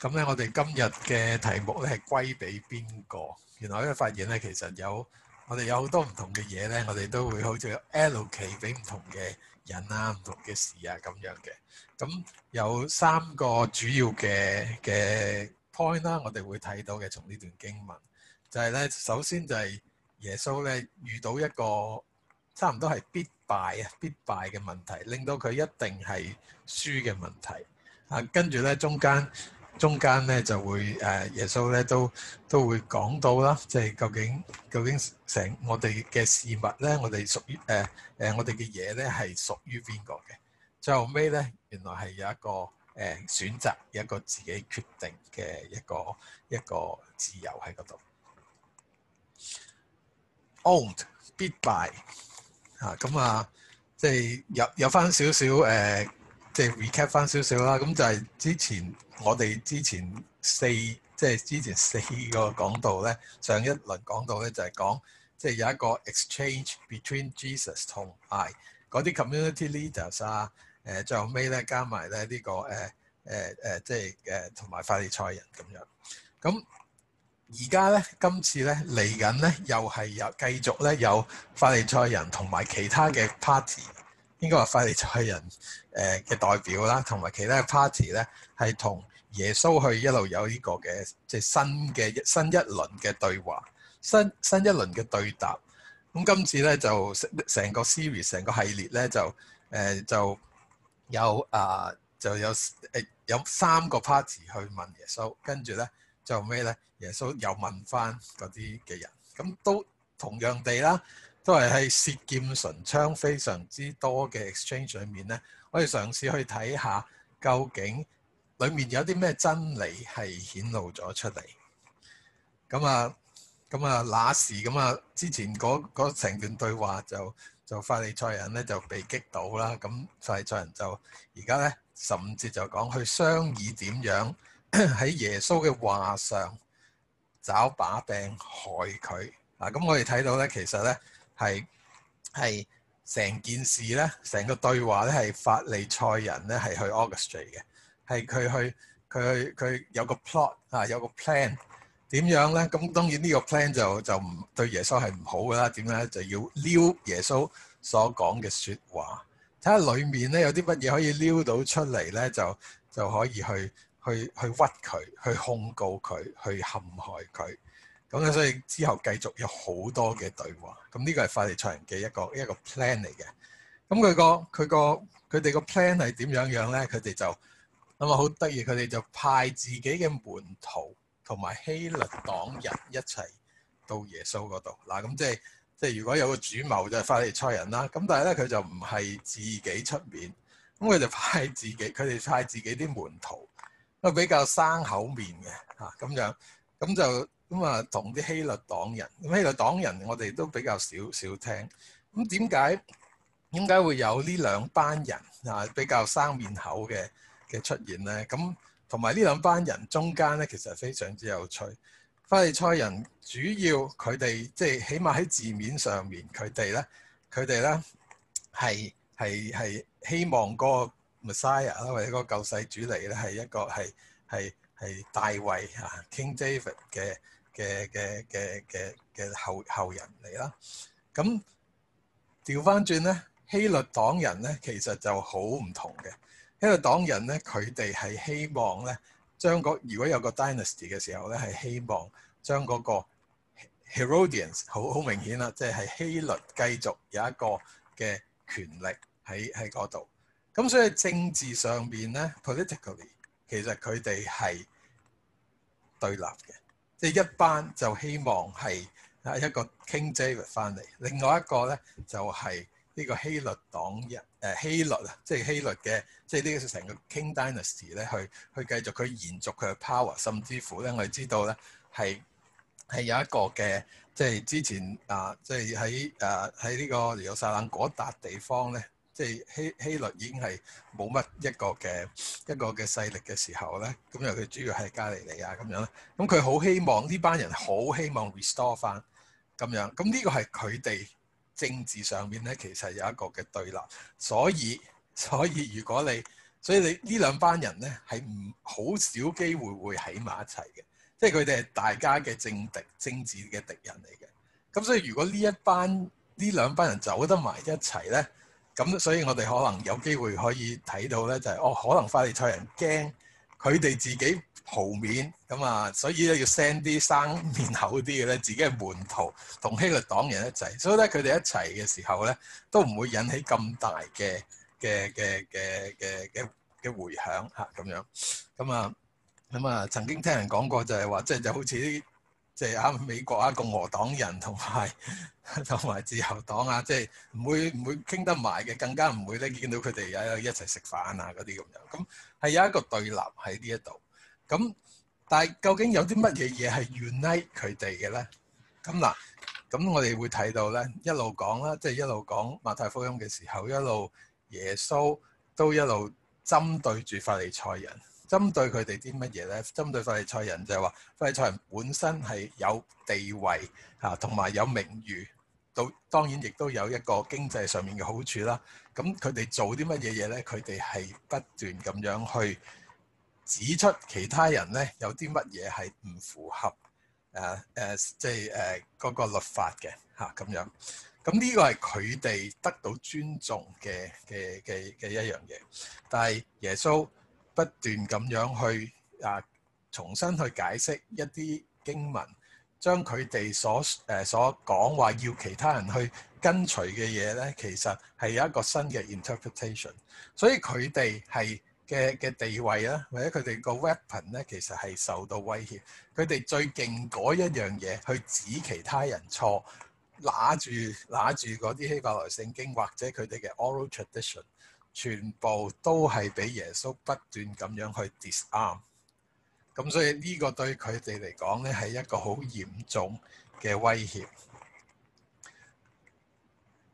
咁咧，我哋今日嘅題目咧係歸俾邊個？原來咧發現咧，其實有我哋有好多唔同嘅嘢咧，我哋都會好似有 LK 俾唔同嘅人啊、唔同嘅事啊咁樣嘅。咁有三個主要嘅嘅 point 啦，我哋會睇到嘅。從呢段經文，就係咧，首先就係耶穌咧遇到一個差唔多係必敗啊、必敗嘅問題，令到佢一定係輸嘅問題啊。跟住咧，中間。中間咧就會誒耶穌咧都都會講到啦，即係究竟究竟成我哋嘅事物咧，我哋屬於誒誒我哋嘅嘢咧係屬於邊個嘅？最後尾咧，原來係有一個誒選擇，有一個自己決定嘅一個一個自由喺嗰度。Own 必敗啊！咁啊，即係有有翻少少誒。即係 recap 翻少少啦。咁就係之前我哋之前四即係之前四個講道咧，上一輪講道咧就係、是、講即係有一個 exchange between Jesus 同 I 嗰啲 community leaders 啊。誒、呃、最後尾咧加埋咧呢個誒誒誒，即係誒同埋法利賽人咁樣。咁而家咧今次咧嚟緊咧又係有繼續咧有法利賽人同埋其他嘅 party，應該話法利賽人。誒嘅、呃、代表啦，同埋其他嘅 party 咧，係同耶穌去一路有呢個嘅即係新嘅一新一輪嘅對話，新新一輪嘅對答。咁今次咧就成成個 series 成個系列咧就誒、呃、就有啊、呃、就有誒、呃、有三個 party 去問耶穌，跟住咧就咩咧？耶穌又問翻嗰啲嘅人，咁都同樣地啦，都係喺涉劍唇槍非常之多嘅 exchange 裏面咧。可以嘗試去睇下究竟裡面有啲咩真理係顯露咗出嚟。咁啊，咁啊，那，那時咁啊，之前嗰成段對話就就法利賽人咧就被擊倒啦。咁法利賽人就而家咧十五節就講去商議點樣喺耶穌嘅話上找把柄害佢。啊，咁我哋睇到咧，其實咧係係。成件事咧，成個對話咧，係法利賽人咧係去 orchestrate 嘅，係佢去佢去佢有個 plot 啊，有個 plan 點樣咧？咁當然呢個 plan 就就唔對耶穌係唔好㗎啦。點咧就要撩耶穌所講嘅説話，睇下裡面咧有啲乜嘢可以撩到出嚟咧，就就可以去去去屈佢，去控告佢，去陷害佢。咁所以之後繼續有好多嘅對話。咁呢個係法利賽人嘅一個一個 plan 嚟嘅。咁佢個佢個佢哋個 plan 係點樣樣咧？佢哋就咁啊，好得意。佢哋就派自己嘅門徒同埋希律黨人一齊到耶穌嗰度。嗱、就是，咁即係即係如果有個主謀就係法利賽人啦。咁但係咧，佢就唔係自己出面，咁佢就派自己，佢哋派自己啲門徒，啊比較生口面嘅嚇咁樣，咁就。咁啊，同啲希律黨人，咁希律黨人我哋都比較少少聽。咁點解點解會有呢兩班人啊比較生面口嘅嘅出現咧？咁同埋呢兩班人中間咧，其實非常之有趣。法利賽人主要佢哋即係起碼喺字面上面，佢哋咧，佢哋咧係係係希望個 Messiah 啦，或者個救世主嚟咧，係一個係係係大衛啊 King David 嘅。嘅嘅嘅嘅嘅後後人嚟啦，咁調返轉咧，希律黨人咧，其實就好唔同嘅。希律黨人咧，佢哋係希望咧將，嗰如果有個 dynasty 嘅時候咧，係希望將個 Herodians 好好明顯啦，即係，係希律繼續有一個嘅權力喺喺度。咁所以政治上邊咧 politically，其實佢哋係對立嘅。即係一班就希望係啊一個 King James 翻嚟，另外一個咧就係、是、呢個希律黨一誒、呃、希律啊，即係希律嘅，即係呢個成個 King Dynasty 咧，去去繼續佢延續佢嘅 power，甚至乎咧我哋知道咧係係有一個嘅，即係之前啊，即係喺誒喺呢個猶撒冷嗰笪地方咧。即係希希律已經係冇乜一個嘅一個嘅勢力嘅時候咧，咁又佢主要係加利利亞咁樣咧。咁佢好希望呢班人好希望 restore 翻咁樣。咁呢個係佢哋政治上面咧，其實有一個嘅對立。所以所以如果你所以你，所以你兩呢兩班人咧係唔好少機會會喺埋一齊嘅，即係佢哋係大家嘅政敵政治嘅敵人嚟嘅。咁所以如果呢一班呢兩班人走得埋一齊咧。咁、嗯、所以我哋可能有機會可以睇到咧，就係、是、哦，可能法利賽人驚佢哋自己豪面咁啊，所以咧要 send 啲生面口啲嘅咧，自己係門徒同希律黨人一齊，所以咧佢哋一齊嘅時候咧，都唔會引起咁大嘅嘅嘅嘅嘅嘅嘅回響嚇咁、啊、樣。咁啊咁啊，曾經聽人講過就係話，即係就係就係、好似啲。即係啊，美國啊，共和黨人同埋同埋自由黨啊，即係唔會唔會傾得埋嘅，更加唔會咧見到佢哋啊一齊食飯啊嗰啲咁樣，咁係有一個對立喺呢一度。咁但係究竟有啲乜嘢嘢係原喺佢哋嘅咧？咁嗱，咁我哋會睇到咧，一路講啦，即係一路講馬太福音嘅時候，一路耶穌都一路針對住法利賽人。針對佢哋啲乜嘢咧？針對法利賽人就係話，法利賽人本身係有地位嚇，同、啊、埋有名譽，都、啊、當然亦都有一個經濟上面嘅好處啦。咁佢哋做啲乜嘢嘢咧？佢哋係不斷咁樣去指出其他人咧有啲乜嘢係唔符合誒誒、啊啊，即係誒嗰個律法嘅嚇咁樣。咁呢個係佢哋得到尊重嘅嘅嘅嘅一樣嘢，但係耶穌。不斷咁樣去啊，重新去解釋一啲經文，將佢哋所誒、呃、所講話要其他人去跟隨嘅嘢咧，其實係有一個新嘅 interpretation。所以佢哋係嘅嘅地位咧，或者佢哋個 weapon 咧，其實係受到威脅。佢哋最勁嗰一樣嘢，去指其他人錯，揦住揦住嗰啲希伯來聖經或者佢哋嘅 oral tradition，全部都係俾耶穌不斷咁樣去 disarm，咁所以呢個對佢哋嚟講咧，係一個好嚴重嘅威脅。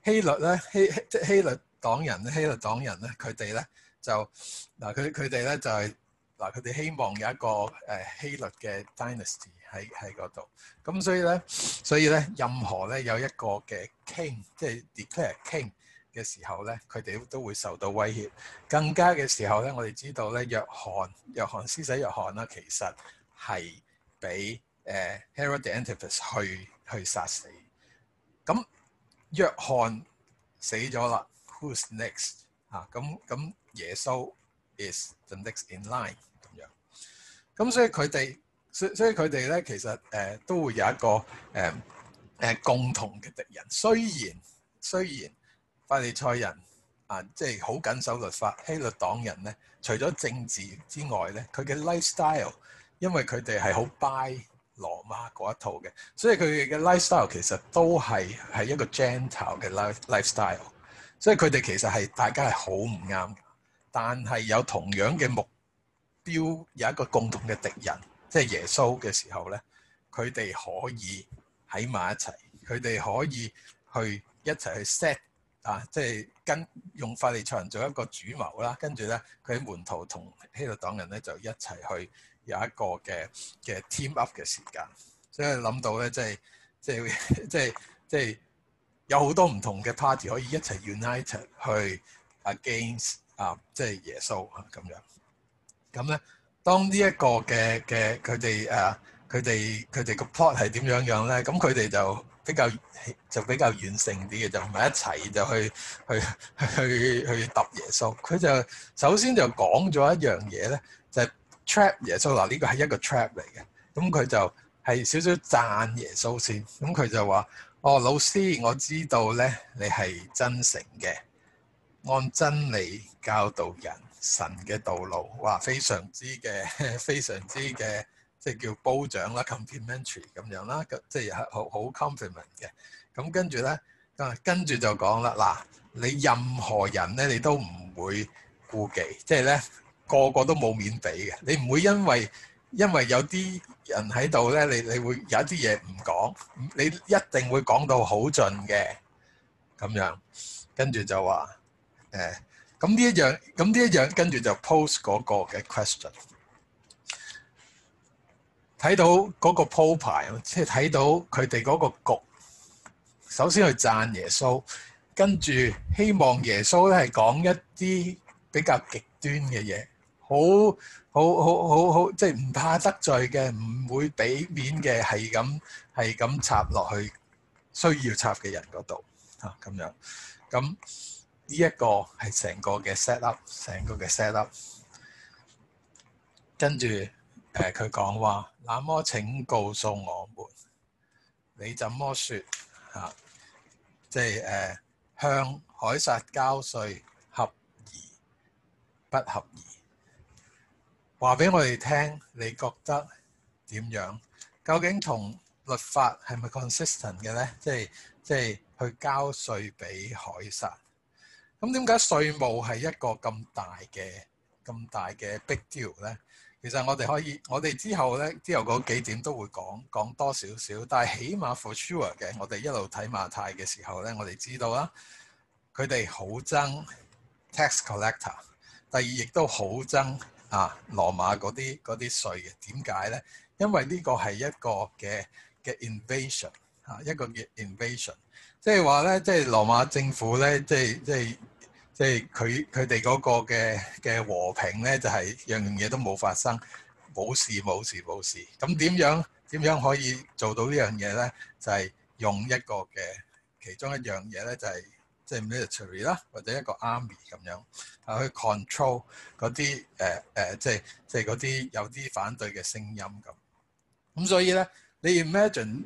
希律咧，希即係希律黨人咧，希律黨人咧，佢哋咧就嗱，佢佢哋咧就係嗱，佢哋希望有一個誒希律嘅 dynasty 喺喺嗰度，咁所以咧，所以咧，任何咧有一個嘅 king 即係 declare king，嘅時候咧，佢哋都會受到威脅，更加嘅時候咧，我哋知道咧，約翰約翰施洗約翰啦，其實係俾誒、呃、Herod the Antipas 去去殺死。咁、嗯、約翰死咗啦，Who's next？啊，咁、嗯、咁、嗯、耶穌 is the next in line 咁樣，咁、嗯、所以佢哋，所以所以佢哋咧，其實誒、呃、都會有一個誒誒、呃呃、共同嘅敵人。雖然雖然。巴利賽人啊，即係好緊守律法。希律黨人咧，除咗政治之外咧，佢嘅 lifestyle，因為佢哋係好拜羅馬嗰一套嘅，所以佢哋嘅 lifestyle 其實都係係一個 gentile 嘅 lifestyle。所以佢哋其實係大家係好唔啱，但係有同樣嘅目標，有一個共同嘅敵人，即係耶穌嘅時候咧，佢哋可以喺埋一齊，佢哋可以去一齊去 set。啊，即係跟用法利賽人做一個主謀啦，跟住咧，佢啲門徒同希臘黨人咧就一齊去有一個嘅嘅 team up 嘅時間，所以諗到咧，即係即係即係即係有好多唔同嘅 party 可以一齊 unite 去 against 啊，即係耶穌啊咁樣。咁咧，當、啊、呢一個嘅嘅佢哋誒佢哋佢哋個 plot 係點樣樣咧？咁佢哋就。比較就比較軟性啲嘅，就唔係一齊就去去去去揼耶穌。佢就首先就講咗一樣嘢咧，就係、trap 耶穌嗱，呢、呢個係一個 trap 嚟嘅。咁佢就係少少讚耶穌先。咁佢就話：哦，老師，我知道咧，你係真誠嘅，按真理教導人，神嘅道路。哇，非常之嘅，非常之嘅。即係叫褒獎啦，complementary 咁樣啦，即係係好好 complementary 嘅。咁跟住咧，啊，跟住就講啦。嗱，你任何人咧，你都唔會顧忌，即係咧，個個都冇面俾嘅。你唔會因為因為有啲人喺度咧，你你會有一啲嘢唔講，你一定會講到好盡嘅咁樣。跟住就話誒，咁呢一樣，咁呢一樣，跟住就 post 嗰個嘅 question。睇到嗰個鋪排，即係睇到佢哋嗰個局。首先去讚耶穌，跟住希望耶穌係講一啲比較極端嘅嘢，好好好好好，即係唔怕得罪嘅，唔會俾面嘅，係咁，係咁插落去需要插嘅人嗰度吓，咁樣。咁呢一個係成個嘅 set up，成個嘅 set up。跟住。誒佢講話，那麼請告訴我們，你怎麼説啊？即係誒、呃、向海撒交稅合宜不合宜？話俾我哋聽，你覺得點樣？究竟同律法係咪 consistent 嘅咧？即係即係去交稅俾海撒。咁點解稅務係一個咁大嘅咁大嘅 big deal 咧？其實我哋可以，我哋之後咧，之後嗰幾點都會講講多少少，但係起碼 for sure 嘅，我哋一路睇馬太嘅時候咧，我哋知道啦，佢哋好憎 tax collector，第二亦都好憎啊羅馬嗰啲嗰啲稅嘅點解咧？因為呢個係一個嘅嘅 invasion 嚇、啊、一個叫 invasion，即係話咧，即係羅馬政府咧，即係即係。即係佢佢哋嗰個嘅嘅和平咧，就係樣樣嘢都冇發生，冇事冇事冇事。咁點樣點樣可以做到呢樣嘢咧？就係用一個嘅其中一樣嘢咧，就係即係 Military 啦，或者一個 Army 咁樣去 control 嗰啲誒誒，即係即係嗰啲有啲反對嘅聲音咁。咁所以咧，你 imagine？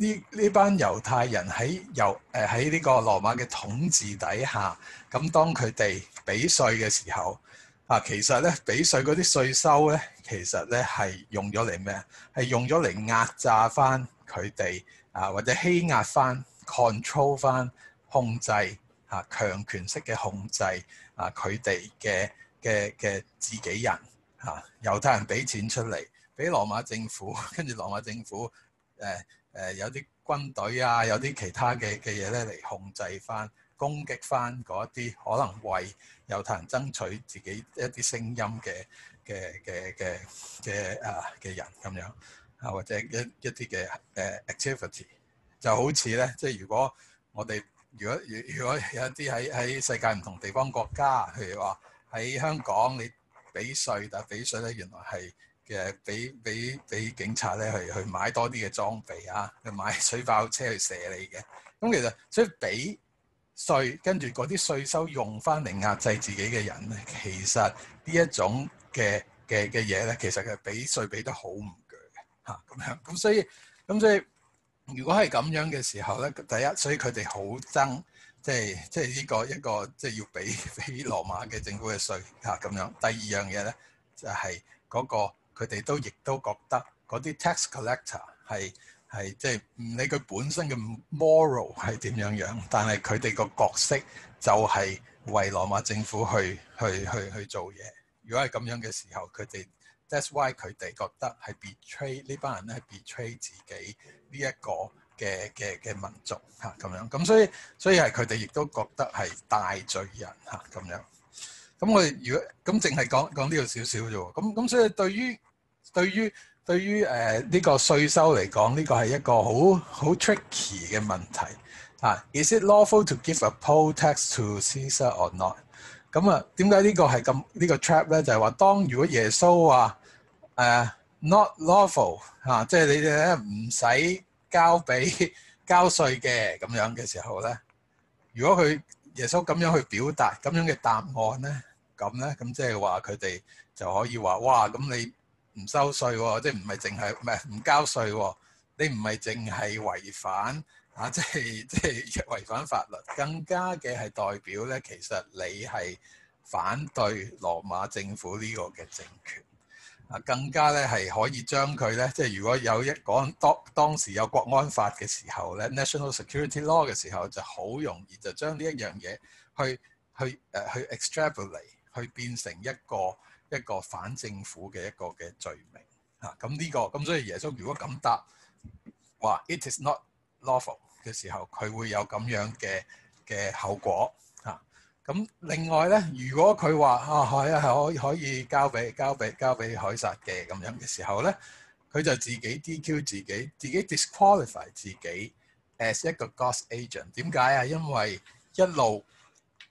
呢呢班猶太人喺由誒喺呢個羅馬嘅統治底下，咁當佢哋俾稅嘅時候，啊，其實咧俾稅嗰啲稅收咧，其實咧係用咗嚟咩？係用咗嚟壓榨翻佢哋啊，或者欺壓翻、control 翻、控制嚇、啊、強權式嘅控制啊，佢哋嘅嘅嘅自己人嚇、啊、猶太人俾錢出嚟俾羅馬政府，跟住羅馬政府誒。啊誒、呃、有啲軍隊啊，有啲其他嘅嘅嘢咧嚟控制翻、攻擊翻嗰啲可能為猶太人爭取自己一啲聲音嘅嘅嘅嘅嘅啊嘅人咁樣啊，或者一一啲嘅誒 activity 就好似咧，即係如果我哋如果如如果有啲喺喺世界唔同地方國家，譬如話喺香港你俾稅，但係俾稅咧原來係。誒俾俾俾警察咧去去買多啲嘅裝備啊，去買水炮車去射你嘅。咁其實所以俾稅，跟住嗰啲稅收用翻嚟壓制自己嘅人咧，其實呢一種嘅嘅嘅嘢咧，其實係俾稅俾得好唔鋸嘅嚇咁樣。咁所以咁、嗯、所以如果係咁樣嘅時候咧，第一，所以佢哋好憎，即係即係呢、這個一個即係要俾俾羅馬嘅政府嘅稅嚇咁、啊、樣。第二樣嘢咧就係、是、嗰、那個。佢哋都亦都覺得嗰啲 tax collector 係係即係唔理佢本身嘅 moral 係點樣樣，但係佢哋個角色就係為羅馬政府去去去去做嘢。如果係咁樣嘅時候，佢哋 that's why 佢哋覺得係 betray 呢班人咧係 betray 自己呢一個嘅嘅嘅民族嚇咁、啊、樣。咁所以所以係佢哋亦都覺得係大罪人嚇咁、啊、樣。咁我哋如果咁淨係講講呢度少少啫喎。咁咁所以對於對於對於誒呢個稅收嚟講，呢、這個係一個好好 tricky 嘅問題。嚇、啊、，Is it lawful to give a poll tax to Caesar or not？咁啊，點解、這個、呢個係咁呢個 trap 咧？就係、是、話當如果耶穌話誒 not lawful 嚇、啊，即係你哋咧唔使交俾交稅嘅咁樣嘅時候咧，如果佢耶穌咁樣去表達咁樣嘅答案咧，咁咧咁即係話佢哋就可以話哇咁你。唔收稅、哦，即係唔係淨係唔係唔交稅、哦？你唔係淨係違反嚇、啊，即係即係違反法律，更加嘅係代表咧，其實你係反對羅馬政府呢個嘅政權啊，更加咧係可以將佢咧，即係如果有一講當當時有國安法嘅時候咧，National Security Law 嘅時候，就好容易就將呢一樣嘢去去誒、呃、去 extrapolate 去變成一個。一個反政府嘅一個嘅罪名嚇，咁呢個咁所以耶穌如果咁答，話，it is not lawful 嘅時候，佢會有咁樣嘅嘅後果嚇。咁另外咧，如果佢話啊係啊係可以可以交俾交俾交俾凱撒嘅咁樣嘅時候咧，佢就自己 DQ 自己，自己 disqualify 自己 as 一個 God’s agent。點解啊？因為一路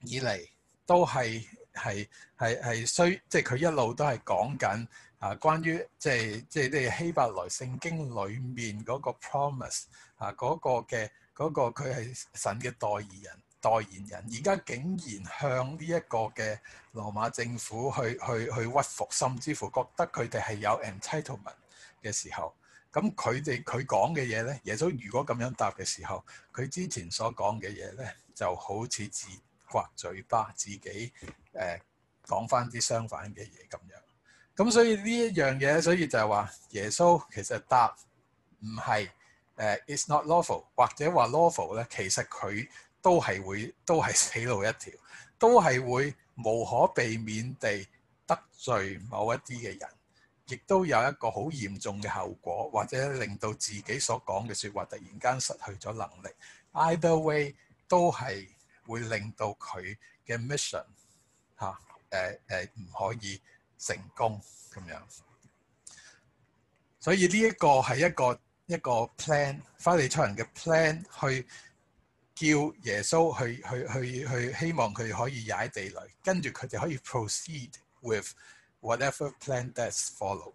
以嚟都係。係係係需，即係佢一路都係講緊啊，關於即係即係啲希伯來聖經裏面嗰個 promise 啊，嗰個嘅嗰個佢係神嘅代言人代言人，而家竟然向呢一個嘅羅馬政府去去去去屈服，甚至乎覺得佢哋係有 entitlement 嘅時候，咁佢哋佢講嘅嘢咧，耶穌如果咁樣答嘅時候，佢之前所講嘅嘢咧，就好似自刮嘴巴，自己誒講翻啲相反嘅嘢咁樣。咁所以呢一樣嘢，所以就係話耶穌其實答唔係誒 is not lawful 或者話 lawful 咧，其實佢、呃、都係會都係死路一條，都係會無可避免地得罪某一啲嘅人，亦都有一個好嚴重嘅後果，或者令到自己所講嘅說話突然間失去咗能力。Either way 都係。會令到佢嘅 mission 嚇，誒誒唔可以成功咁樣。所以呢一個係一個一個 plan，花地草人嘅 plan 去叫耶穌去去去去，希望佢可以踩地雷，跟住佢哋可以 proceed with whatever plan that follow。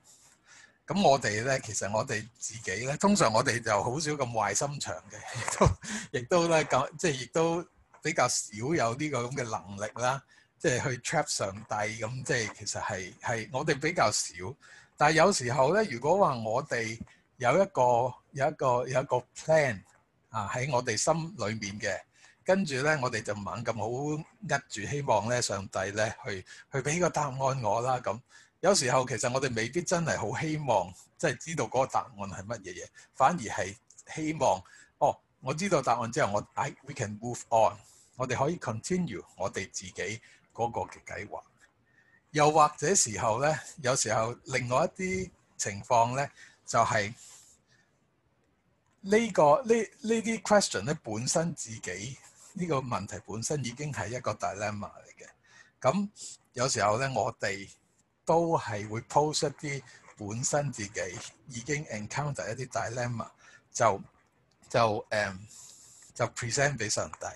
咁我哋咧，其實我哋自己咧，通常我哋就好少咁壞心腸嘅，亦都亦都咧咁，即係都。比較少有呢個咁嘅能力啦，即係去 trap 上帝咁，即係其實係係我哋比較少。但係有時候咧，如果話我哋有一個有一個有一個 plan 啊，喺我哋心裡面嘅，跟住咧我哋就猛咁好握住希望咧上帝咧去去俾個答案我啦。咁有時候其實我哋未必真係好希望即係知道嗰個答案係乜嘢嘢，反而係希望哦，我知道答案之後，我 I we can move on。我哋可以 continue 我哋自己個嘅計劃，又或者時候咧，有時候另外一啲情況咧，就係呢個呢呢啲 question 咧本身自己呢個問題本身已經係一個 dilemma 嚟嘅。咁有時候咧，我哋都係會 post 一啲本身自己已經 encounter 一啲 dilemma，就就誒、um, 就 present 俾上帝。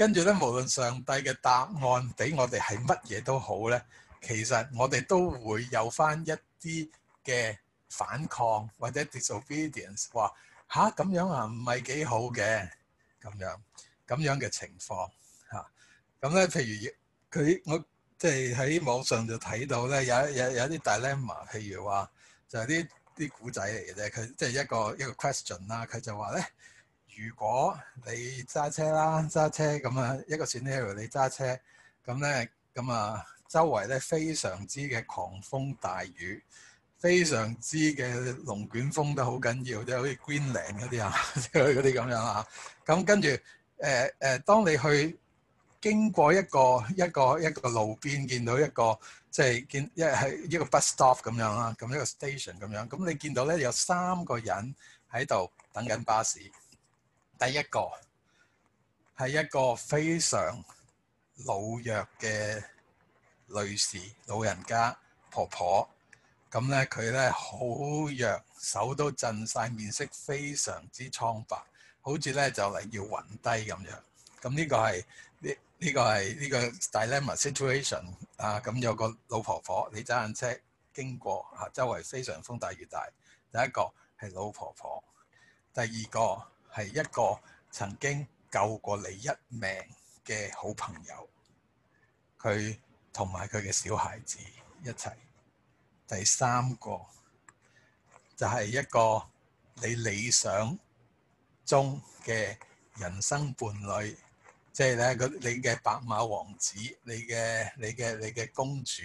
跟住咧，無論上帝嘅答案俾我哋係乜嘢都好咧，其實我哋都會有翻一啲嘅反抗或者 disobedience，話吓，咁樣啊唔係幾好嘅咁樣咁樣嘅情況嚇。咁咧，譬如佢我即係喺網上就睇到咧，有有有啲 dilemma，譬如話就係啲啲古仔嚟嘅啫，佢即係一個一個 question 啦，佢就話咧。如果你揸車啦，揸車咁啊，一個 scenario 你揸車咁咧，咁啊，周圍咧非常之嘅狂風大雨，非常之嘅龍捲風都好緊要，即係好似 Greenland 嗰啲啊，嗰啲咁樣啊。咁跟住誒誒，當你去經過一個一個一個，一個路邊，見到一個即係、就是、見一係一個 bus stop 咁樣啦，咁一個 station 咁樣，咁你見到咧有三個人喺度等緊巴士。第一個係一個非常老弱嘅女士，老人家婆婆咁咧，佢咧好弱，手都震晒，面色非常之蒼白，好似咧就嚟、是、要暈低咁樣。咁呢個係呢呢個係呢、這個，個 dilemma situation 啊。咁有個老婆婆，你揸緊車經過嚇，周圍非常風大雨大。第一個係老婆婆，第二個。係一個曾經救過你一命嘅好朋友，佢同埋佢嘅小孩子一齊。第三個就係一個你理想中嘅人生伴侶，即係咧你嘅白馬王子，你嘅你嘅你嘅公主，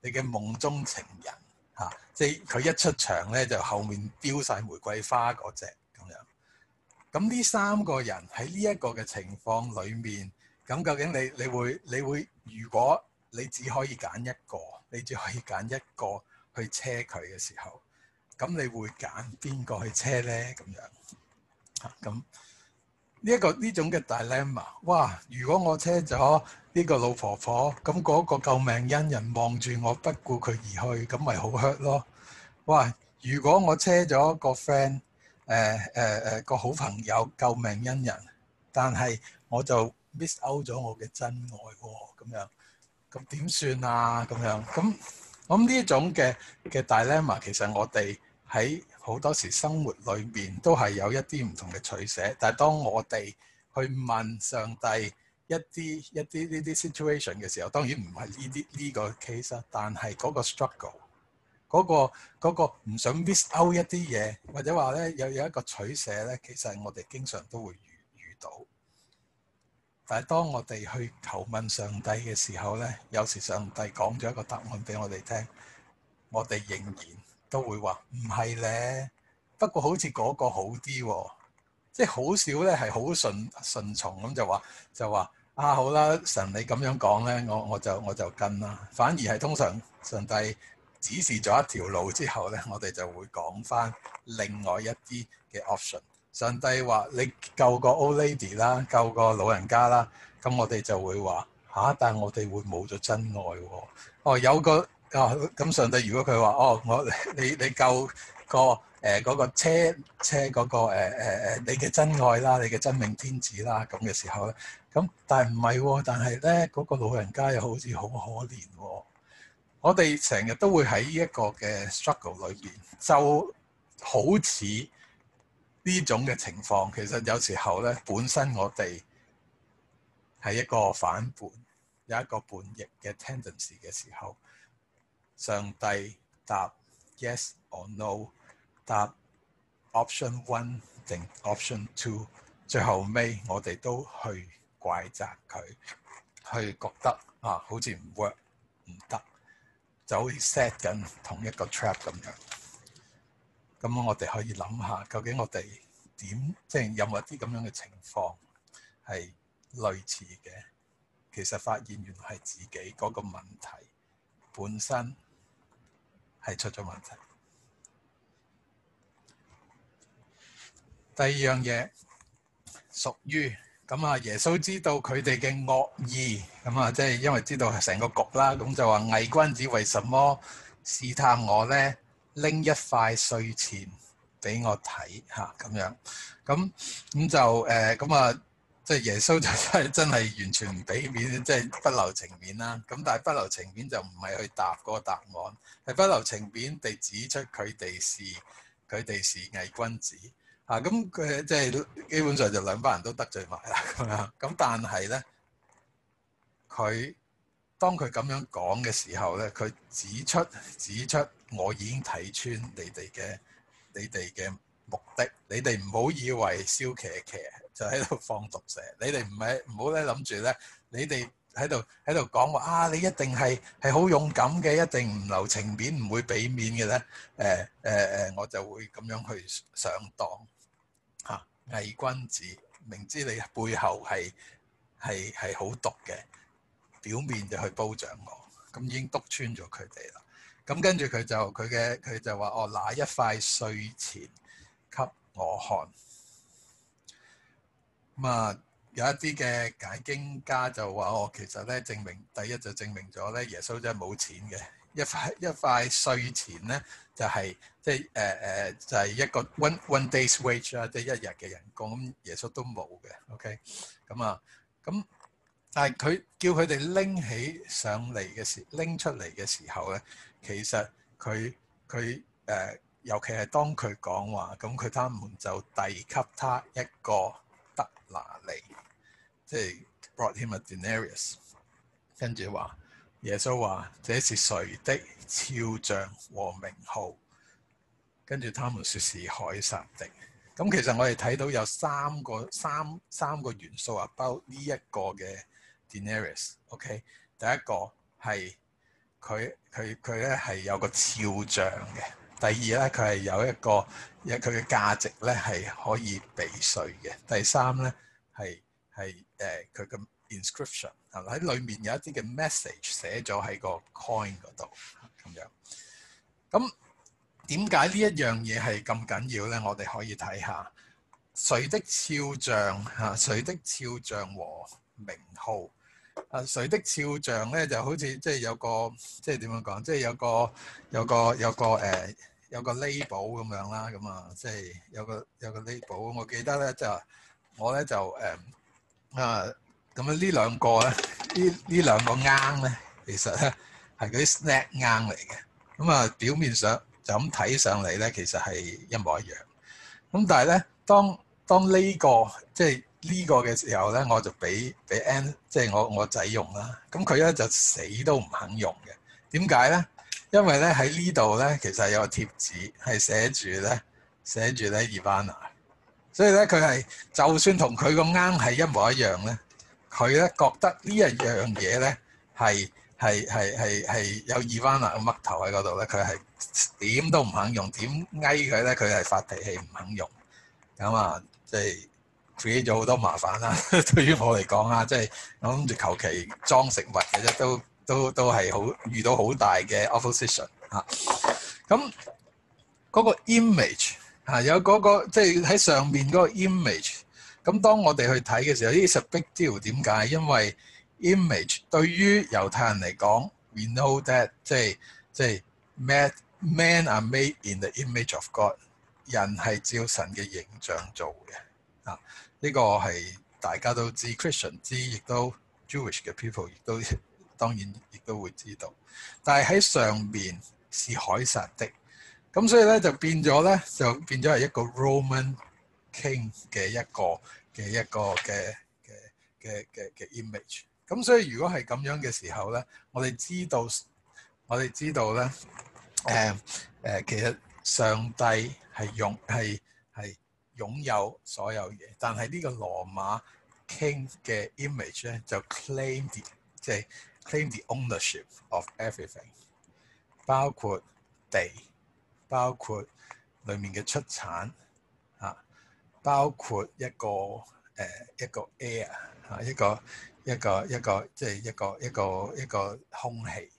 你嘅夢中情人吓，即係佢一出場咧就後面飆晒玫瑰花嗰隻。咁呢三個人喺呢一個嘅情況裏面，咁究竟你你會你會，如果你只可以揀一個，你只可以揀一個去車佢嘅時候，咁你會揀邊個去車呢？咁樣啊？咁呢一個呢種嘅 dilemma，哇！如果我車咗呢個老婆婆，咁嗰個救命恩人望住我不顧佢而去，咁咪好 hurt 咯？哇！如果我車咗個 friend。誒誒誒個好朋友救命恩人，但係我就 miss out 咗我嘅真愛喎，哦，咁樣咁點算啊？咁樣咁，我諗呢種嘅嘅 dilemma 其實我哋喺好多時生活裏面都係有一啲唔同嘅取捨，但係當我哋去問上帝一啲一啲呢啲 situation 嘅時候，當然唔係呢啲呢個 case 啦，但係嗰個 struggle。嗰個嗰個唔想 miss out 一啲嘢，或者話咧有有一個取捨咧，其實我哋經常都會遇遇到。但係當我哋去求問上帝嘅時候咧，有時上帝講咗一個答案俾我哋聽，我哋仍然都會話唔係咧。不過好似嗰個好啲喎，即係好少咧係好順順從咁就話就話啊好啦，神你咁樣講咧，我我就我就跟啦。反而係通常上帝。指示咗一條路之後咧，我哋就會講返另外一啲嘅 option。上帝話：你救個 old lady 啦，救個老人家啦，咁我哋就會話吓、啊，但係我哋會冇咗真愛喎、哦。哦，有個啊，咁上帝如果佢話：哦，我你你救個誒嗰個車車嗰、那個誒、呃、你嘅真愛啦，你嘅真命天子啦，咁嘅時候咧，咁但係唔係？但係咧、哦，嗰、那個老人家又好似好可憐喎、哦。我哋成日都會喺呢一個嘅 struggle 裏邊，就好似呢種嘅情況。其實有時候咧，本身我哋係一個反叛有一個叛逆嘅 tendency 嘅時候，上帝答 yes or no，答 option one 定 option two，最後尾我哋都去怪責佢，去覺得啊，好似唔 work 唔得。就會 set 緊同一個 trap 咁樣，咁我哋可以諗下，究竟我哋點即係有冇啲咁樣嘅情況係類似嘅？其實發現原來係自己嗰個問題本身係出咗問題。第二樣嘢屬於。屬於咁啊，耶穌知道佢哋嘅惡意，咁啊，即係因為知道係成個局啦，咁就話偽君子為什麼試探我呢？拎一塊碎錢俾我睇吓，咁樣，咁咁就誒，咁、呃、啊，即係耶穌就真係真係完全唔俾面，即係不留情面啦。咁但係不留情面就唔係去答嗰個答案，係不留情面地指出佢哋是佢哋是偽君子。啊！咁佢即係基本上就兩班人都得罪埋啦，咁樣咁，但係咧，佢當佢咁樣講嘅時候咧，佢指出指出，我已經睇穿你哋嘅你哋嘅目的。你哋唔好以為笑騎騎就喺度放毒蛇。你哋唔係唔好咧諗住咧，你哋喺度喺度講話啊！你一定係係好勇敢嘅，一定唔留情面，唔會俾面嘅咧。誒誒誒，我就會咁樣去上當。偽君子，明知你背後係係係好毒嘅，表面就去褒獎我，咁已經督穿咗佢哋啦。咁跟住佢就佢嘅佢就話哦，拿一塊稅錢給我看。咁啊，有一啲嘅解經家就話哦，其實咧證明第一就證明咗咧，耶穌真係冇錢嘅。一塊一塊稅錢咧，就係、是、即係誒誒，就係、是、一個 one one day's wage 啦，即係一日嘅人工。咁耶穌都冇嘅，OK。咁啊，咁但係佢叫佢哋拎起上嚟嘅時，拎出嚟嘅時候咧，其實佢佢誒，尤其係當佢講話，咁佢他，他們就遞給他一個德拿利，即係 brought him a denarius。跟住話。耶穌話：這是誰的肖像和名號？跟住他們說是凱撒的。咁其實我哋睇到有三個三三個元素啊，包呢一個嘅 Denarius。OK，第一個係佢佢佢咧係有個肖像嘅；第二咧佢係有一個，佢嘅價值咧係可以避稅嘅；第三咧係係誒佢嘅 inscription。喺、啊、裡面有一啲嘅 message 寫咗喺個 coin 嗰度，咁樣。咁點解呢一樣嘢係咁緊要咧？我哋可以睇下誰的肖像啊，誰的肖像和名號。啊，誰的肖像咧就好似即係有個即係點樣講，即係有個有個有個誒、呃、有個 label 咁樣啦。咁啊，即係有個有個 label。我記得咧就我咧就誒、嗯、啊～咁、嗯、呢兩個咧，呢呢兩個罌咧，其實咧係嗰啲 snack 罌嚟嘅。咁啊、嗯，表面上就咁睇上嚟咧，其實係一模一樣。咁、嗯、但係咧，當當呢、這個即係呢個嘅時候咧，我就俾俾 N 即係我我仔用啦。咁佢咧就死都唔肯用嘅。點解咧？因為咧喺呢度咧，其實有個貼紙係寫住咧寫住咧葉彎娜，呢呢呢 ana, 所以咧佢係就算同佢個啱係一模一樣咧。佢咧覺得呢一樣嘢咧係係係係係有二瘟啊，個嘜頭喺嗰度咧，佢係點都唔肯用，點哀佢咧，佢係發脾氣唔肯用，咁、嗯、啊，即、就、係、是、create 咗好多麻煩啦。 對於我嚟講啊，即係諗住求其裝食物嘅啫，都都都係好遇到好大嘅 opposition 嚇、嗯。咁、那、嗰個 image 嚇、嗯，有嗰、那個即係喺上面嗰個 image。咁當我哋去睇嘅時候，呢啲係 Big Deal 點解？因為 image 對於猶太人嚟講，we know that 即係即係 man man are made in the image of God，人係照神嘅形象做嘅。啊，呢個係大家都知 Christian 知，亦都 Jewish 嘅 people 亦都當然亦都會知道。但係喺上面是海撒的，咁所以咧就變咗咧就變咗係一個 Roman。King 嘅一個嘅一個嘅嘅嘅嘅嘅 image，咁所以如果係咁樣嘅時候咧，我哋知道，我哋知道咧，誒、uh, 誒、uh, 其實上帝係用係係擁有所有嘢，但係呢個羅馬 king 嘅 image 咧就 claim the 即係 claim the ownership of everything，包括地，包括裏面嘅出產。包括一個誒、uh, 一個 air 嚇一個一個一個即係一個一個一個空氣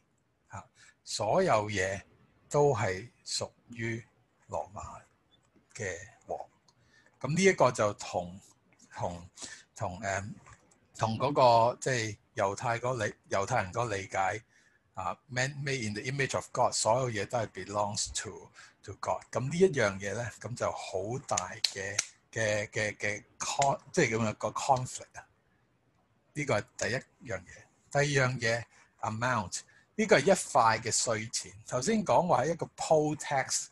嚇、啊，所有嘢都係屬於羅馬嘅王。咁呢一個就同同同誒、um, 同嗰、那個即係、就是、猶太個理猶太人個理解啊，man、uh, made in the image of God，所有嘢都係 belongs to to God。咁呢一樣嘢咧，咁就好大嘅。嘅嘅嘅 conf 即係咁樣個 conflict 啊！呢個係第一樣嘢。第二樣嘢 amount 呢個係一塊嘅稅錢。頭先講話係一個 poll tax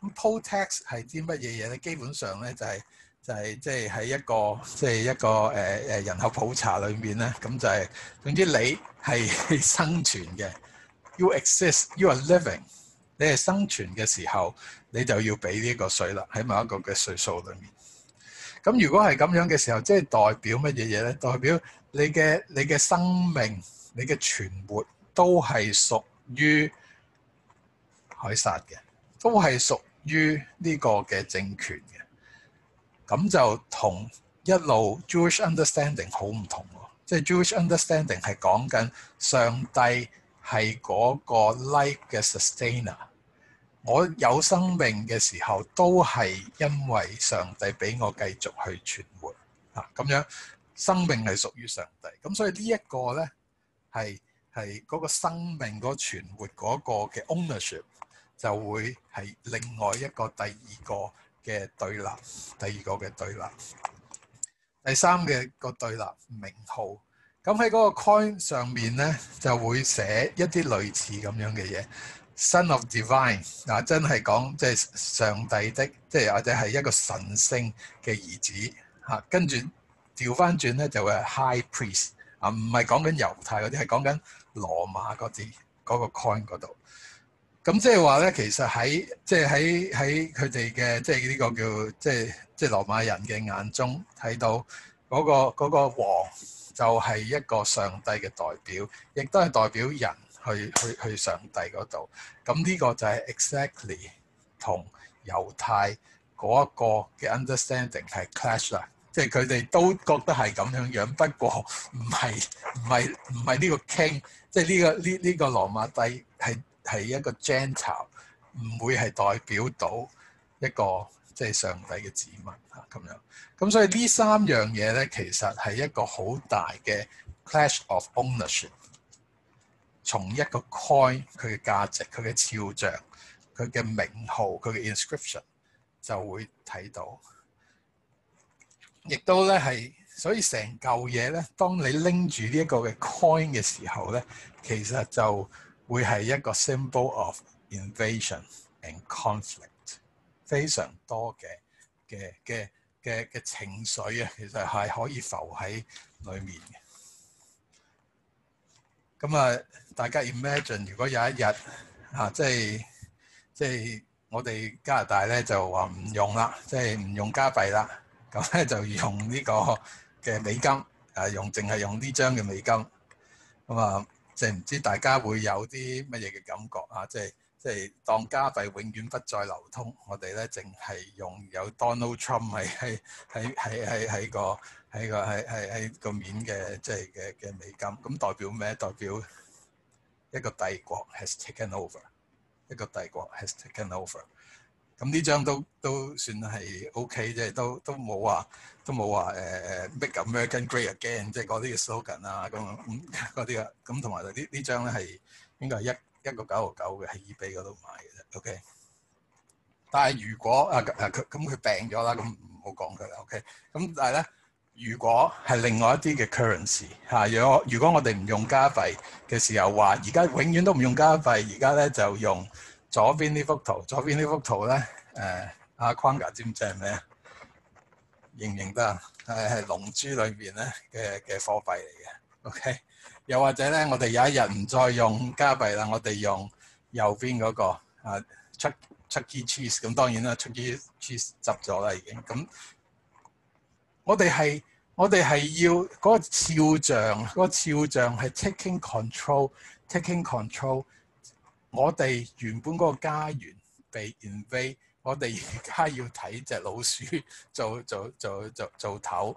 咁 poll tax 係啲乜嘢嘢咧？基本上咧就係、是、就係即係喺一個即係、就是、一個誒誒、呃、人口普查裏面咧，咁就係、是、總之你係生存嘅，you exist, you are living。你係生存嘅時候，你就要俾呢個稅啦，喺某一個嘅稅數裏面。咁如果係咁樣嘅時候，即係代表乜嘢嘢咧？代表你嘅你嘅生命、你嘅存活都係屬於凱撒嘅，都係屬於呢個嘅政權嘅。咁就同一路 Jewish understanding 好唔同喎。即係 Jewish understanding 係講緊上帝係嗰個 life 嘅 sustainer。我有生命嘅時候，都係因為上帝俾我繼續去存活。吓，咁樣，生命係屬於上帝。咁所以呢一個呢，係係嗰個生命嗰傳活嗰個嘅 ownership 就會係另外一個第二個嘅對立，第二個嘅對立，第三嘅個對立名號。咁喺嗰個 coin 上面呢，就會寫一啲類似咁樣嘅嘢。Son of divine 嗱，真係講即係上帝的，即係或者係一個神聖嘅兒子吓，跟住調翻轉咧，就會係 High priest 啊，唔係講緊猶太啲，係講緊羅馬啲個 coin 度。咁即係話咧，其實喺、即係、即係喺喺佢哋嘅即係呢個叫即係即係羅馬人嘅眼中睇到、嗰個、嗰個王就係一個上帝嘅代表，亦都係代表人。去去去上帝嗰度，咁呢個就係 exactly 同猶太嗰一個嘅 understanding 係 clash 啊，即係佢哋都覺得係咁樣樣，不過唔係唔係唔係呢個 king，即係呢個呢呢、呢個羅馬帝係係一個 gentile，唔會係代表到一個即係、就是、上帝嘅子民嚇咁、啊、樣，咁所以呢三樣嘢咧，其實係一個好大嘅 clash of ownership。從一個 coin 佢嘅價值、佢嘅肖像、佢嘅名號、佢嘅 inscription 就會睇到，亦都咧係所以成嚿嘢咧。當你拎住呢一個嘅 coin 嘅時候咧，其實就會係一個 symbol of invasion and conflict，非常多嘅嘅嘅嘅嘅情緒啊，其實係可以浮喺裡面嘅。咁啊，大家 imagine 如果有一日嚇、啊，即係即係我哋加拿大咧就話唔用啦，即係唔用加幣啦，咁、啊、咧就用呢個嘅美金，啊用淨係用呢張嘅美金，咁啊，即係唔知大家會有啲乜嘢嘅感覺啊，即係。即係當加幣永遠不再流通，我哋咧淨係用有 Donald Trump 係係喺喺喺個喺個喺喺個面嘅即係嘅嘅美金，咁、嗯、代表咩？代表一個帝國 has taken over，一個帝國 has taken over, has taken over、嗯。咁呢張都都算係 OK 啫，都都冇話都冇話誒 make American great again，即係嗰啲 slogan 啊咁啲啊。咁同埋呢呢張咧係應該係一？一個九毫九嘅喺 eBay 嗰度買嘅啫，OK。但係如果啊啊佢咁佢病咗啦，咁唔好講佢啦，OK。咁但係咧，如果係另外一啲嘅 currency 嚇，如果如果我哋唔用加幣嘅時候，話而家永遠都唔用加幣，而家咧就用左邊呢幅圖，左邊呢幅圖咧，誒，阿框架知唔知係咩啊？啊 a，認唔認得啊？係係龍珠裏面咧嘅嘅貨幣嚟嘅，OK。又或者咧，我哋有一日唔再用加幣啦，我哋用右邊嗰個啊，Chuck E. Cheese，咁當然啦 Chuck E. Cheese 執咗啦已經。咁我哋係我哋係要嗰個肖像，嗰個肖像係 taking control，taking control。我哋，那個那個，taking control, taking control, 原本嗰個家園被 invade，我哋而家要睇隻老鼠做做做做做頭。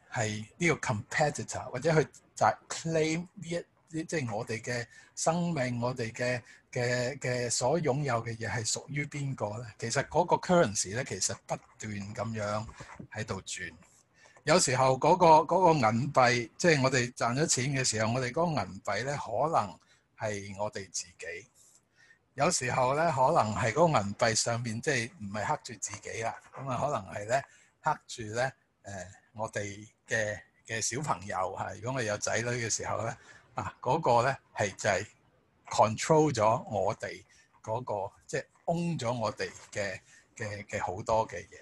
係呢個 competitor，或者去就 claim 呢一啲，即係我哋嘅生命，我哋嘅嘅嘅所擁有嘅嘢係屬於邊個咧？其實嗰個 currency 咧，其實不斷咁樣喺度轉。有時候嗰個嗰個銀幣，即係我哋賺咗錢嘅時候，我哋嗰個銀幣咧，可能係我哋自己。有時候咧，可能係嗰個銀幣上面即係唔係刻住自己啦，咁啊可能係咧刻住咧誒我哋嘅嘅小朋友嚇，如果我有仔女嘅時候咧，啊嗰個咧係就係 control 咗我哋嗰個，即係 own 咗我哋嘅嘅嘅好多嘅嘢。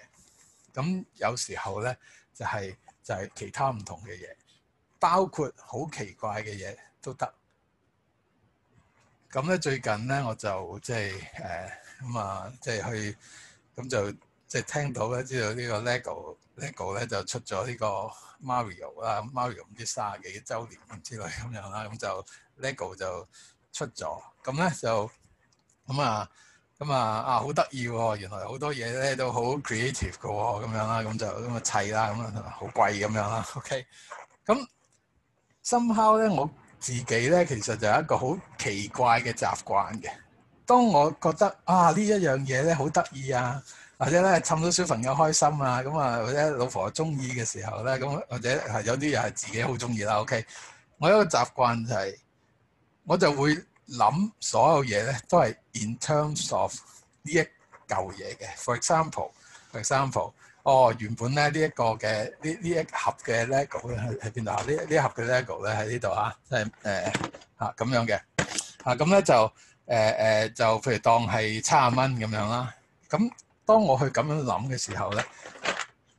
咁有時候咧就係就係其他唔同嘅嘢，包括好奇怪嘅嘢都得。咁咧最近咧我就即係誒咁啊，即係去咁就即係聽到咧知道呢個 lego。LEGO 咧就出咗呢個 Mario 啦，Mario 唔知三十幾周年之類咁樣啦，咁就 LEGO 就出咗，咁咧就咁啊，咁啊啊好得意喎！原來好多嘢咧都好 creative 嘅喎，哦，咁樣啦，啊，咁就咁啊砌啦，咁啊好貴咁樣啦。OK，咁 somehow 咧，我自己咧其實就有一個好奇怪嘅習慣嘅，當我覺得啊呢一樣嘢咧好得意啊！或者咧，氹到小朋友開心啊，咁啊，或者老婆中意嘅時候咧，咁或者係有啲又係自己好中意啦。OK，我有個習慣就係、是，我就會諗所有嘢咧，都係 in terms of 呢一舊嘢嘅。For example，for example，哦，原本咧呢一、這個嘅呢盒呢一盒嘅 lego 咧喺喺邊度啊？呢呢一盒嘅 lego 咧喺呢度啊，即係誒嚇咁樣嘅嚇咁咧就誒誒、呃呃、就譬如當係七十蚊咁樣啦，咁。當我去咁樣諗嘅時候咧，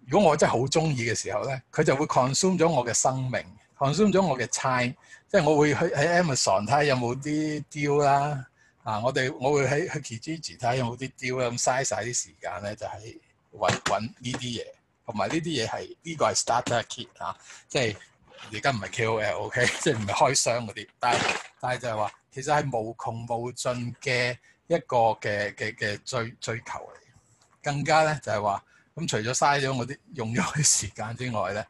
如果我真係好中意嘅時候咧，佢就會 consume 咗我嘅生命，consume 咗我嘅 time，即係我會去喺 Amazon 睇下有冇啲 deal 啦。Ij 看看有有這個、kit，啊，我哋我會喺喺 Kijiji 睇下有冇啲 deal，咁嘥曬啲時間咧就係揾揾呢啲嘢，同埋呢啲嘢係呢個係 starter kit 嚇，即係而家唔係 K.O.L. OK，即係唔係開箱嗰啲，但係但係就係話其實係無窮無盡嘅一個嘅嘅嘅追追求嚟。更加咧就係話咁，除咗嘥咗我啲用咗嘅時間之外咧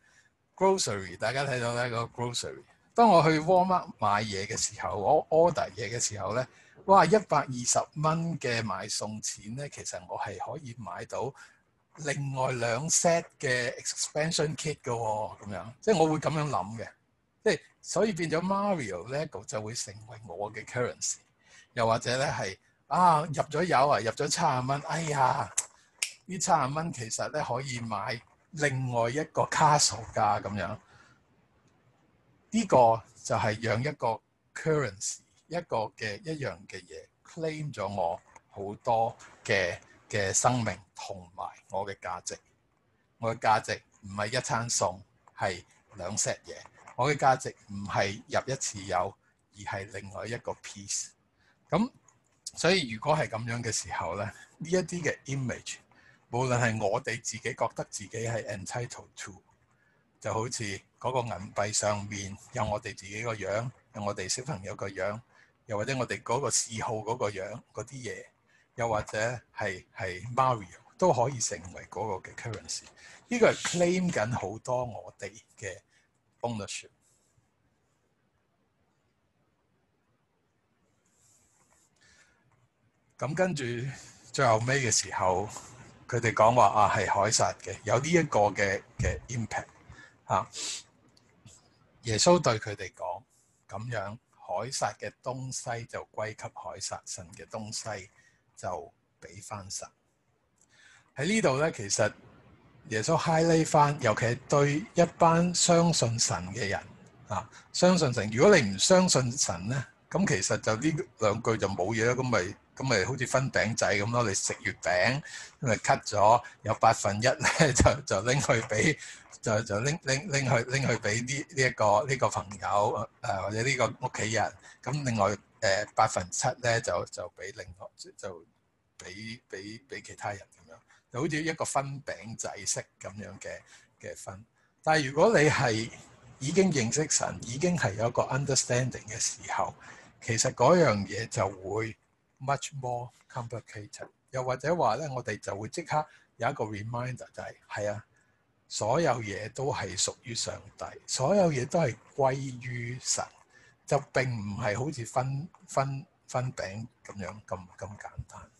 ，grocery 大家睇到咧個 grocery。當我去 Walmart 買嘢嘅時候，我 order 嘢嘅時候咧，哇，一百二十蚊嘅買餸錢咧，其實我係可以買到另外兩 set 嘅 expansion kit 㗎喎、哦。咁樣即係我會咁樣諗嘅，即係所以變咗 Mario Lego 就會成為我嘅 currency。又或者咧係啊入咗油啊，入咗七十蚊，哎呀～呢七十蚊其實咧可以買另外一個卡數噶，咁樣呢個就係讓一個 currency 一個嘅一樣嘅嘢 claim 咗我好多嘅嘅生命同埋我嘅價值。我嘅價值唔係一餐餸，係兩 set 嘢。我嘅價值唔係入一次油，而係另外一個 piece。咁所以如果係咁樣嘅時候咧，呢一啲嘅 image。無論係我哋自己覺得自己係 entitled to，就好似嗰個銀幣上面有我哋自己個樣，有我哋小朋友個樣，又或者我哋嗰個嗜好嗰個樣嗰啲嘢，又或者係係 Mario 都可以成為嗰個嘅 currency。呢、這個係 claim 緊好多我哋嘅 ownership。咁跟住最後尾嘅時候。佢哋講話啊，係海撒嘅，有呢一個嘅嘅 impact 嚇。耶穌對佢哋講咁樣，海撒嘅東西就歸給海撒，神嘅東西就俾翻神。喺呢度咧，其實耶穌 highlight 翻，尤其係對一班相信神嘅人啊，相信神。如果你唔相信神咧，咁其實就呢兩句就冇嘢啦，咁咪。咁咪好似分餅仔咁咯，你食月餅咪 cut 咗，有百分一咧就就拎去俾，就就拎拎拎去拎去俾呢呢一個呢個朋友，誒、啊、或者呢個屋企人。咁另外誒百分七咧就就俾另外就俾俾俾其他人咁樣，就好似一個分餅仔式咁樣嘅嘅分。但係如果你係已經認識神，已經係有一個 understanding 嘅時候，其實嗰樣嘢就會，much more complicated，又或者話咧，我哋就會即刻有一個 reminder 就係係啊，所有嘢都係屬於上帝，所有嘢都係歸於神，就並唔係好似分分分餅咁樣咁咁簡單，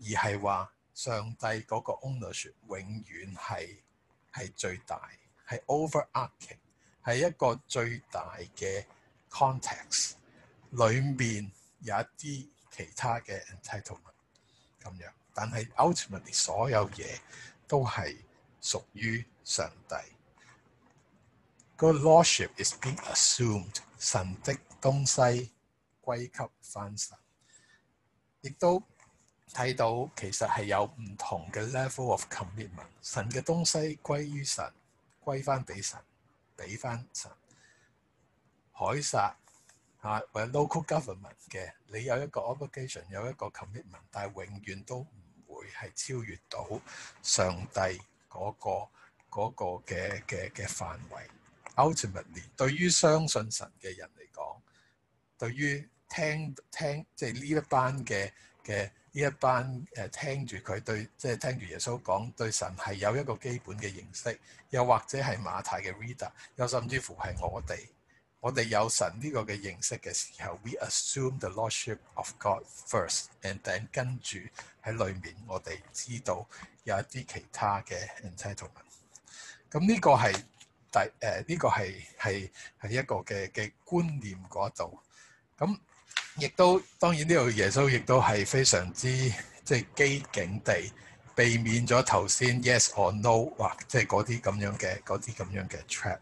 而係話上帝嗰個 ownership 永遠係係最大，係 overarching，係一個最大嘅 context，裏面有一啲。其他嘅 entitlement 咁樣，但係 ultimately 所有嘢都係屬於上帝。個 Lordship is being assumed，神嘅東西歸給翻神，亦都睇到其實係有唔同嘅 level of commitment。神嘅東西歸於神，歸翻俾神，俾翻神。海薩。啊、yeah，local government 嘅，你有一個 obligation，有一個 commitment，但係永遠都唔會係超越到上帝嗰個嗰個嘅嘅嘅範圍。Ultimately，對於相信神嘅人嚟講，對於聽聽即係呢一班嘅嘅呢一班誒聽住佢對即係聽住耶穌講對神係有一個基本嘅認識，又或者係馬太嘅 reader，又甚至乎係我哋。我哋有神呢個嘅認識嘅時候，We assume the Lordship of God first，and then 跟住喺裏面，我哋知道有一啲其他嘅 entitlement，嗯咁呢個係第誒呢個係係係一個嘅嘅觀念嗰度。咁、嗯、亦都當然呢度耶穌亦都係非常之即係機警地避免咗頭先 yes or no 或即係嗰啲咁樣嘅嗰啲咁樣嘅 trap。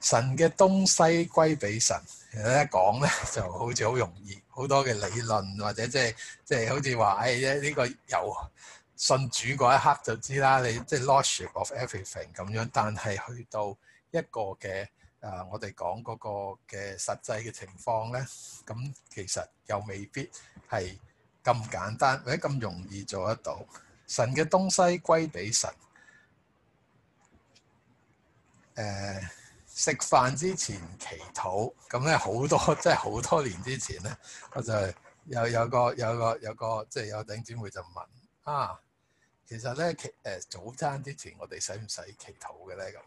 神嘅東西歸俾神，其實一講咧就好似好容易，好多嘅理論或者即係即係好似話，誒呢個有信主嗰一刻就知啦，你即係 lordship of everything 咁樣。但係去到一個嘅誒，我哋講嗰個嘅實際嘅情況咧，咁其實又未必係咁簡單或者咁容易做得到。神嘅東西歸俾神，誒。食飯之前祈禱，咁咧好多即係好多年之前咧，我就係有有個有個有個即係、就是、有頂姊妹就問啊，其實咧其誒、呃、早餐之前我哋使唔使祈禱嘅咧咁？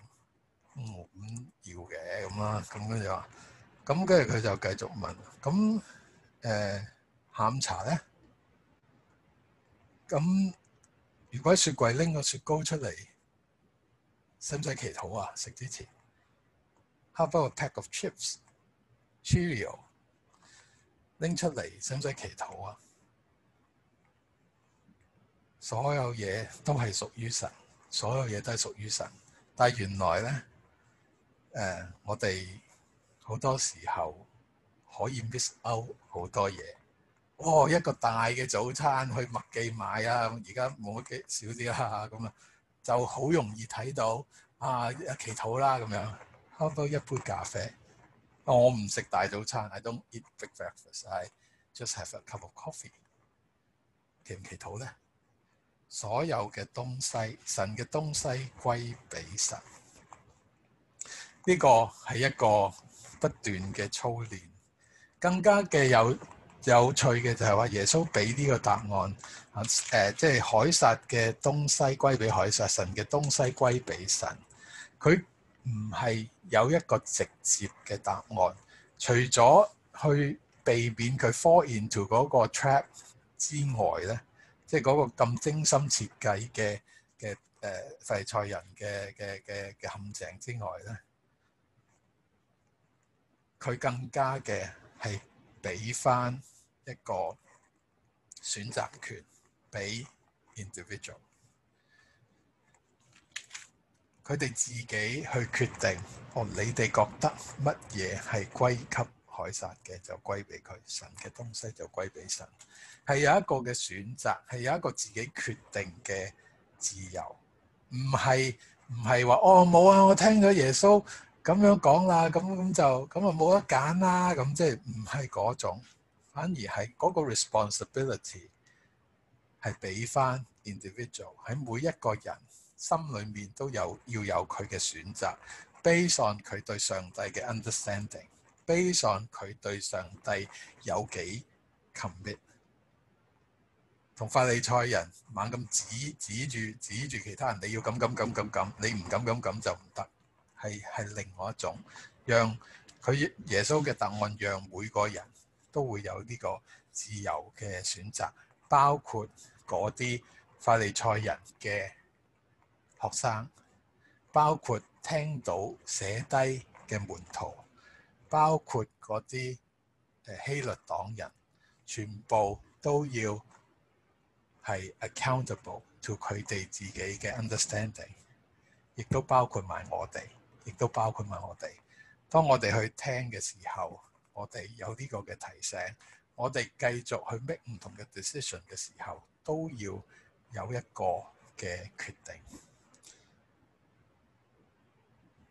唔、嗯嗯、要嘅咁啦，咁跟住咁跟住佢就繼續問，咁誒下午茶咧，咁如果喺雪櫃拎個雪糕出嚟，使唔使祈禱啊？食之前？Have a pack of chips，Cheerio，拎出嚟使唔使祈禱啊？所有嘢都係屬於神，所有嘢都係屬於神。但係原來咧，誒、呃，我哋好多時候可以 miss out 好多嘢。哦，一個大嘅早餐去麥記買啊！而家冇乜幾少啲啊咁啊，樣就好容易睇到啊祈禱啦咁樣。多一杯咖啡，oh, 我唔食大早餐。I don't eat breakfast. I just have a cup of coffee。祈唔祈禱咧，所有嘅東西，神嘅東西歸俾神。呢、這個係一個不斷嘅操練。更加嘅有有趣嘅就係話，耶穌俾呢個答案啊誒、呃，即係該撒嘅東西歸俾該撒，神嘅東西歸俾神。佢。唔係有一個直接嘅答案，除咗去避免佢 fall into 嗰個 trap 之外咧，即係嗰個咁精心設計嘅嘅誒細菜人嘅嘅嘅陷阱之外咧，佢更加嘅係俾翻一個選擇權俾 individual。佢哋自己去決定，哦，你哋覺得乜嘢係歸給海撒嘅，就歸俾佢；神嘅東西就歸俾神。係有一個嘅選擇，係有一個自己決定嘅自由，唔係唔係話哦冇啊！我聽咗耶穌咁樣講啦，咁咁就咁啊冇得揀啦。咁即係唔係嗰種，反而係嗰個 responsibility 係俾翻 individual 喺每一個人。心裏面都有要有佢嘅選擇，base on 佢對上帝嘅 understanding，base on 佢對上帝有幾 commit。同法利賽人猛咁指指住指住其他人，你要敢敢敢敢敢，你唔敢敢敢就唔得。係係另外一種，讓佢耶穌嘅答案，讓每個人都會有呢個自由嘅選擇，包括嗰啲法利賽人嘅。學生包括聽到寫低嘅門徒，包括嗰啲希律黨人，全部都要係 accountable to 佢哋自己嘅 understanding，亦都包括埋我哋，亦都包括埋我哋。當我哋去聽嘅時候，我哋有呢個嘅提醒。我哋繼續去 make 唔同嘅 decision 嘅時候，都要有一個嘅決定。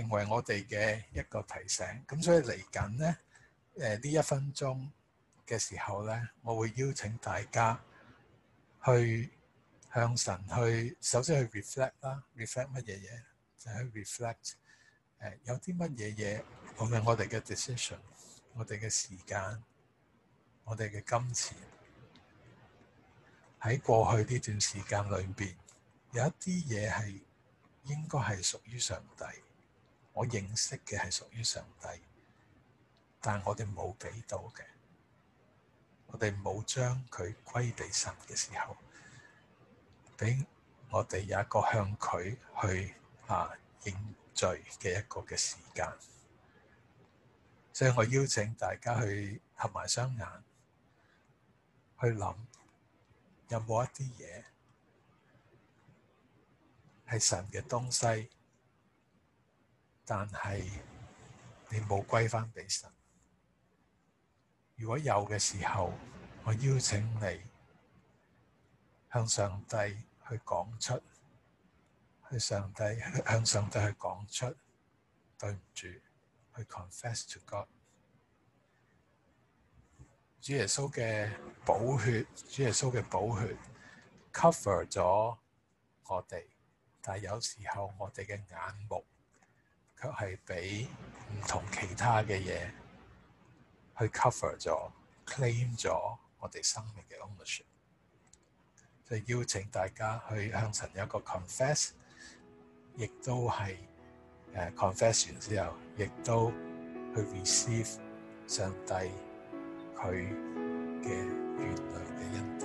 成為我哋嘅一個提醒咁，所以嚟緊呢，誒、呃、呢一分鐘嘅時候呢，我會邀請大家去向神去，首先去 reflect 啦。reflect 乜嘢嘢？就係，去 reflect、呃、有啲乜嘢嘢同埋我哋嘅 decision、我哋嘅時間、我哋嘅金錢喺過去呢段時間裏邊有一啲嘢係應該係屬於上帝。我認識嘅係屬於上帝，但我哋冇俾到嘅，我哋冇將佢歸地神嘅時候，俾我哋有一個向佢去啊認罪嘅一個嘅時間。所以我邀請大家去合埋雙眼，去諗有冇一啲嘢係神嘅東西。但係你冇歸返俾神。如果有嘅時候，我邀請你向上帝去講出，去上帝向上帝去講出，對唔住，去 confess to God。主耶穌嘅寶血，主耶穌嘅寶血 cover 咗我哋，但係有時候我哋嘅眼目。卻係俾唔同其他嘅嘢去 cover 咗、claim 咗我哋生命嘅 ownership，就邀請大家去向神有一個 confess，亦都係誒 confession 之後，亦都去 receive 上帝佢嘅原諒嘅恩典。